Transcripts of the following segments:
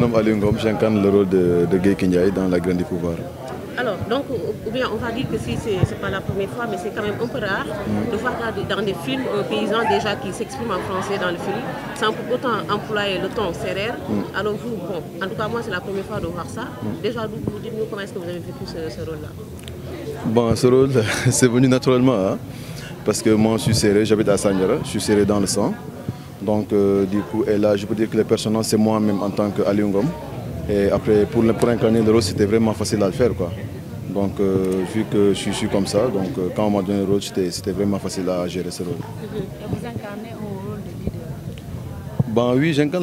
nomme Aliou Ngom, j'incarne le rôle de, de Guèye dans La Graine du Pouvoir. Alors, donc, on va dire que si c'est pas la première fois, mais c'est quand même un peu rare mm. de voir dans des films déjà qui s'exprime en français dans le film, sans pour autant employer le ton serrère. Mm. Alors mm. vous, dites-nous comment est-ce que vous avez vécu ce, rôle-là? naturellement, parce que je suis sérère, j'habite à Sandiara, je suis sérère dans le sang. Donc, euh, du coup, et là, je peux dire que les personnages, c'est moi-même en tant que Et après, pour, pour incarner le rôle, c'était vraiment facile à le faire. Quoi. Donc, euh, je, suis comme ça, donc euh, quand on m'a donné le rôle, c'était vraiment facile à gérer ce rôle. Et vous incarnez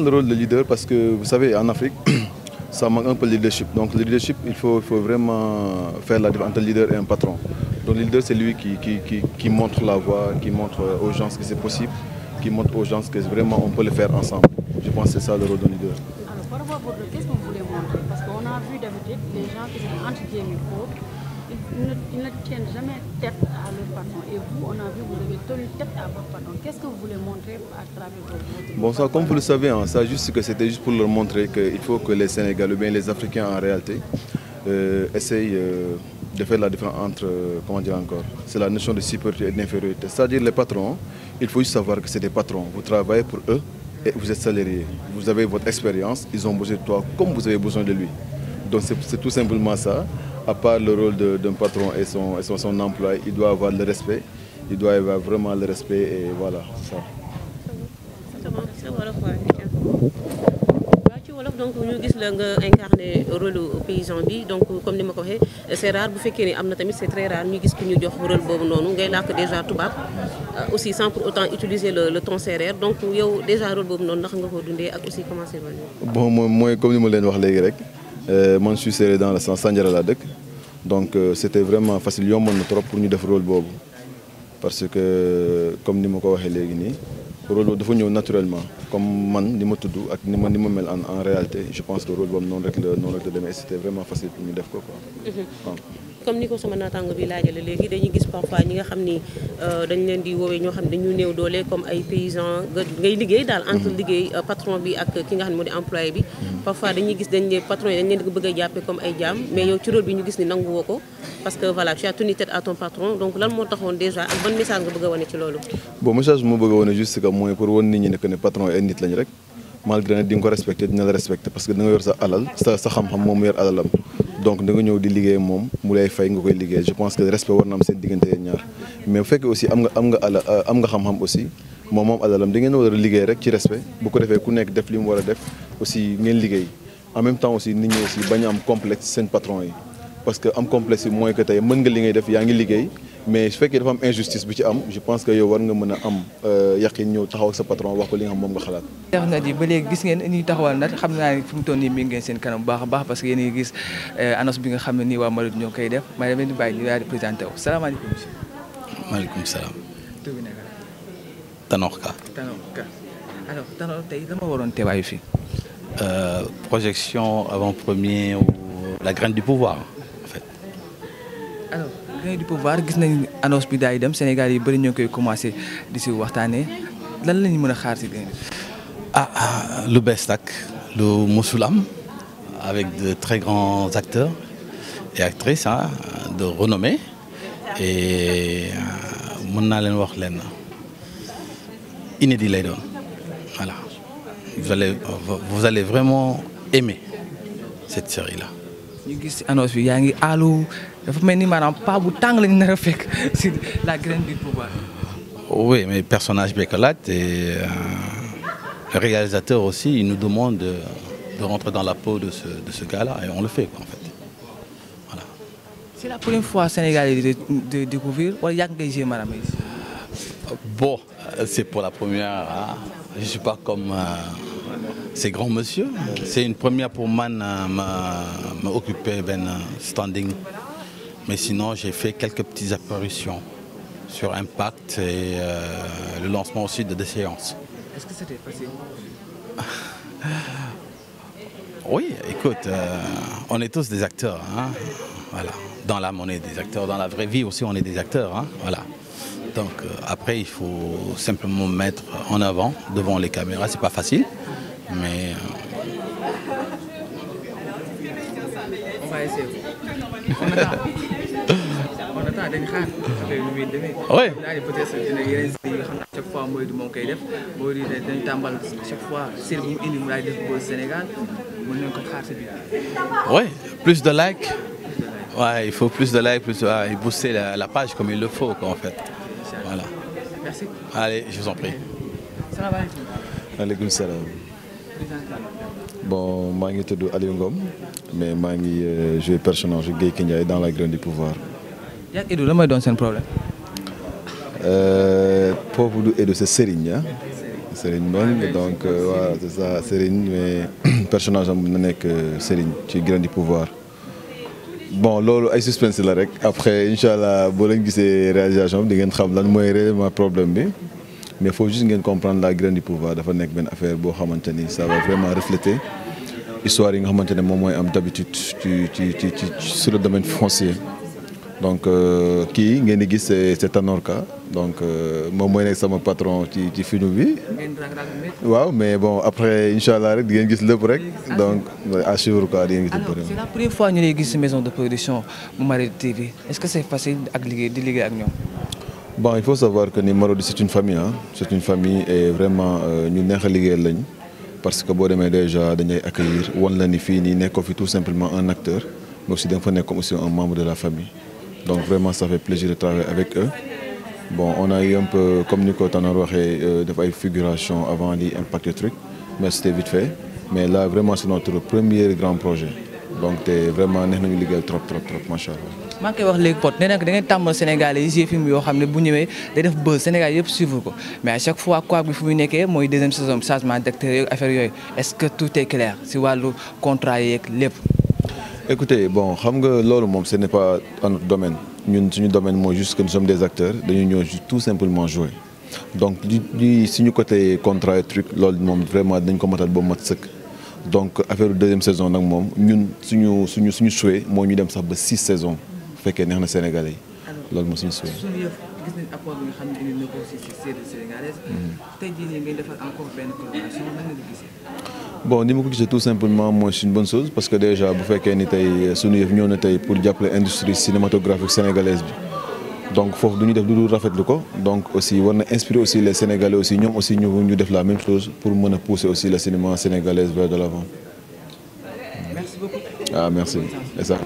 le rôle de leader parce que, vous savez, en Afrique, ça manque un peu de leadership. Donc, le leadership, il faut, faut vraiment faire la différence entre leader et un patron. Donc, le leader, c'est lui qui, montre la voie, qui montre aux gens ce que c'est possible. qui montre aux gens que vraiment on peut le faire ensemble. Je pense que c'est ça le rôle d'un leader. Alors par rapport à qu'est-ce que vous voulez montrer Parce qu'on a vu d'habitude les gens qui sont anti ils ne, ils ne tiennent jamais tête à leur patron. Et vous, on a vu, vous avez tenu tête à votre patron. Qu'est-ce que vous voulez montrer à travers votre Bon, ça, comme vous le savez, hein, ça, juste que c'était juste pour leur montrer qu'il faut que les Sénégalais, bien les Africains en réalité, euh, essayent euh, de faire la différence entre, euh, comment dire encore, c'est la notion de supériorité et d'infériorité. C'est-à-dire les patrons, Il faut juste savoir que c'est des patrons. Vous travaillez pour eux et vous êtes salarié. Vous avez votre expérience, ils ont besoin de toi comme vous avez besoin de lui. Donc c'est tout simplement ça. À part le rôle d'un patron et, son, et son, son, emploi, il doit avoir le respect. Il doit avoir vraiment le respect et voilà, ça. ci wolof donc ñu gis la nga incarné rôle paysan bi donc comme ni ma ko waxee c'est rare bu fekkee ni am na tamit c'est très rare ñu gis ku ñu jox rôle boobu noonu ngay làkk déjà tubaab euh, aussi sans pour autant utiliser le le ton donc yow déjà rôle boobu noonu ndax nga ko dundee ak aussi comment c'est bon moom mooy comme ni ma leen wax léegi rek euh, man je suis séeréer dans le sens Sandiara laa dëkk donc euh, c'était vraiment facile yomboon na trop pour ñu def rôle boobu parce que comme ni ma ko waxee léegi nii. rôle boobu dafa ñëw naturellement comme man ni ma tudd ak ni ma ni ma mel en en réalité je pense que rôle boobu noonu rek la noonu rek la demee c'était vraiment facile ñu def ko mhm. comme ni ko sama naataango bi laajale léegi dañuy gis parfois ñi nga xam ni euh, dañ leen di woowee ñoo xam ne dañu néew doole comme ay paysans ngay liggéey daal. entre mhm. liggéey euh, patron bi ak ki nga xam ne moo di employé bi. parfois dañuy gis dañ leen patron yi dañ leen gis ni nangu ko parce que voilà tu as tenu tête à patron donc lan moo taxoon déjà ak ban message nga bëgg a wane ci loolu bon message bi ma a wane juste que mooy pour wan nit ñi ne que ne patron ay nit lañ rek malgré ne di ko respecté dina la respecté parce que da yor sa alal sa xam-xam moom mu yor alalam donc da ñëw di liggéey moom mu lay fay nga koy liggéey je pense que respect nekk def aussi ngeen liggéey am même temps aussi nit ñi aussi bañ am complexe seen patron yi parce que am complexe bi mooy que tey mën nga li ngay def yaa ngi liggéey mais su fekkee dafa am injustice bi ci am je pense que yow war nga mën a am euh, yaqin ñëw taxaw ak sa patron wax ko li nga xam moom nga xalaat. def na di ba léegi gis ngeen ni taxawal nag xam naa ne fi mu toll nii mi ngeen seen kanam baax a baax parce que yéen a ngi gis euh, annonce bi nga xam ne nii waa Marodi ñoo koy def may demee di bàyyi ñu daal di maaleykum salaam. tur bi naka la. Tanor Ka. Tanor teewaayu fii. euh, projection avant-première ou euh, la grande du pouvoir en fait. alors du pouvoir gis nañ annonce bi daay dem Sénégal yi bëri ñoo koy commencé di si waxtaane lan la mën a xaar si graine ah, ah lu bees lu mosul am avec de très grands acteurs et actrices de renommée et euh, mën naa leen wax leen inédit lay doon vous allez vraiment aimer cette série là. ñu gis ci annonce yaa ngi aalu dafa mel ni maanaam pas bu tàng lañu nar a fekk ci la graine du pouvoir. oui mais personnage beeg et euh, réalisateur aussi il nous demande de, rentrer dans la peau de ce gars-là et on le fait en fait euh, c'est pour la première. Je suis pas comme. Euh, c'est grand monsieur c'est une première pour man ma ma benn euh, standing mais sinon j'ai fait quelques petites apparitions sur Impact et euh, le lancement aussi de des séances. Est-ce que c'était facile? Oui, écoute, euh, on est tous des acteurs dans l'âme on des acteurs, dans la vraie vie aussi on est des acteurs Voilà. Donc euh, après, il faut simplement mettre en avant devant les caméras. C'est pas facile, mais euh, on va essayer. dañ xaar affaire yu muy demee. oui daal di peut-être yeneen yi nga xam ne chaque fois mooy du moom koy def boo di dañ tàmbal chaque fois série bu mu indi mu laay def ba Sénégal mën nañu ko xaar si biir. oui plus de likes. waaye ouais, il faut plus de likes plus waaye booster la, la page comme il le faut quoi en fait. Merci. Allez, je maa ngi tudd Aliou Ngom mais maa ngi euh, joué personnage Geyki Ndiaye dans la Graine du Pouvoir. yaa ngi Edo doon seen problème. poofu euh, du Edo c'est Serigne ah. Serigne Mbodj donc euh, voilà c'est mais personnage na nekk Serigne ci Graine du Pouvoir. bon loolu ay suspense la rek après incha allah boo leen gisee réalisation bi di ngeen xam lan mooy réellement problème bi mais faut juste ngeen comprendre la graine du pouvoir dafa nekk benn affaire boo xamante ni ça va vraiment refléter histoire yi nga xamante ne moom mooy am d'habitude ci ci ci ci sur le domaine foncier. donc euh, kii ngeen di gis c'est Tanor Ka donc euh, moom mooy nekk sama patron ci ci film bi waaw mais bon après incha allah rek di ngeen gis lépp rek donc à suivre quoi di ngeen gis lépp maison de production bu Marodi TV est-ce que c'est facile ak liggéey di liggéey ak ñoom. bon il faut savoir que ni Marodi c'est une famille ah c'est une famille et vraiment euh, ñu neex a liggéeyal lañ parce que boo demee déjà dañuy accueillir wan la ni fii nii nekkoo fi tout simplement un acteur mais nekk comme un membre de la famille. Donc vraiment, ça fait plaisir de travailler avec eux. Bon, on a eu un peu, comme Nico Tanor euh, des figurations avant l'impact du truc, mais c'était vite fait. Mais là, vraiment, c'est notre premier grand projet. donc te vraiment neex nañu liggéey trop trop trop macha allah. wax léegi Pod nee na da ngeen tàmmal Sénégalais film yoo xam ne bu ñëwee day def buzz Sénégal yëpp suivre ko mais à chaque fois quoi bi fu muy nekkee mooy deuxième saison changement d'acteur yooyu affaire yooyu est-ce que tout est clair si wàllu contrat yeeg lépp. écoutez bon xam nga loolu moom ce n'est pas notre domaine ñun suñu domaine mooy juste que nous sommes des acteurs dañu ñëw tout simplement jouer donc li li suñu côté contrat loolu moom vraiment dañ ko matal ba mat sëkk donc affaire deuxième saison nag moom ñun suñu suñu suñu souhait moo ñu dem sax ba six saisons bu fekkee neex na Sénégalais loolu moo suñu souhait. gis bon ni ma ko gisee tout simplement mooy c'est une bonne chose parce que déjà bu fekkee ni tey suñu yëf ñëw na tey pour jàppale industrie cinématographique sénégalaise bi donc foofu du ñu def lu dul rafetlu ko donc aussi war na inspirer aussi les sénégalais aussi ñoom aussi ñu ñu def la même chose pour mën a pousser aussi le cinéma sénégalais vers de l'avant. merci beaucoup. ah merci et ça